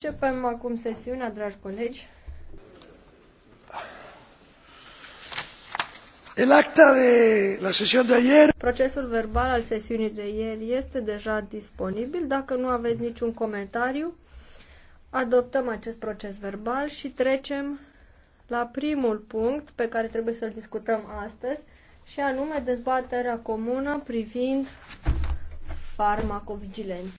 Începem acum sesiunea, dragi colegi. El acta de la sesiune de ieri. Procesul verbal al sesiunii de ieri este deja disponibil. Dacă nu aveți niciun comentariu, adoptăm acest proces verbal și trecem la primul punct pe care trebuie să-l discutăm astăzi, și anume dezbaterea comună privind farmacovigilență.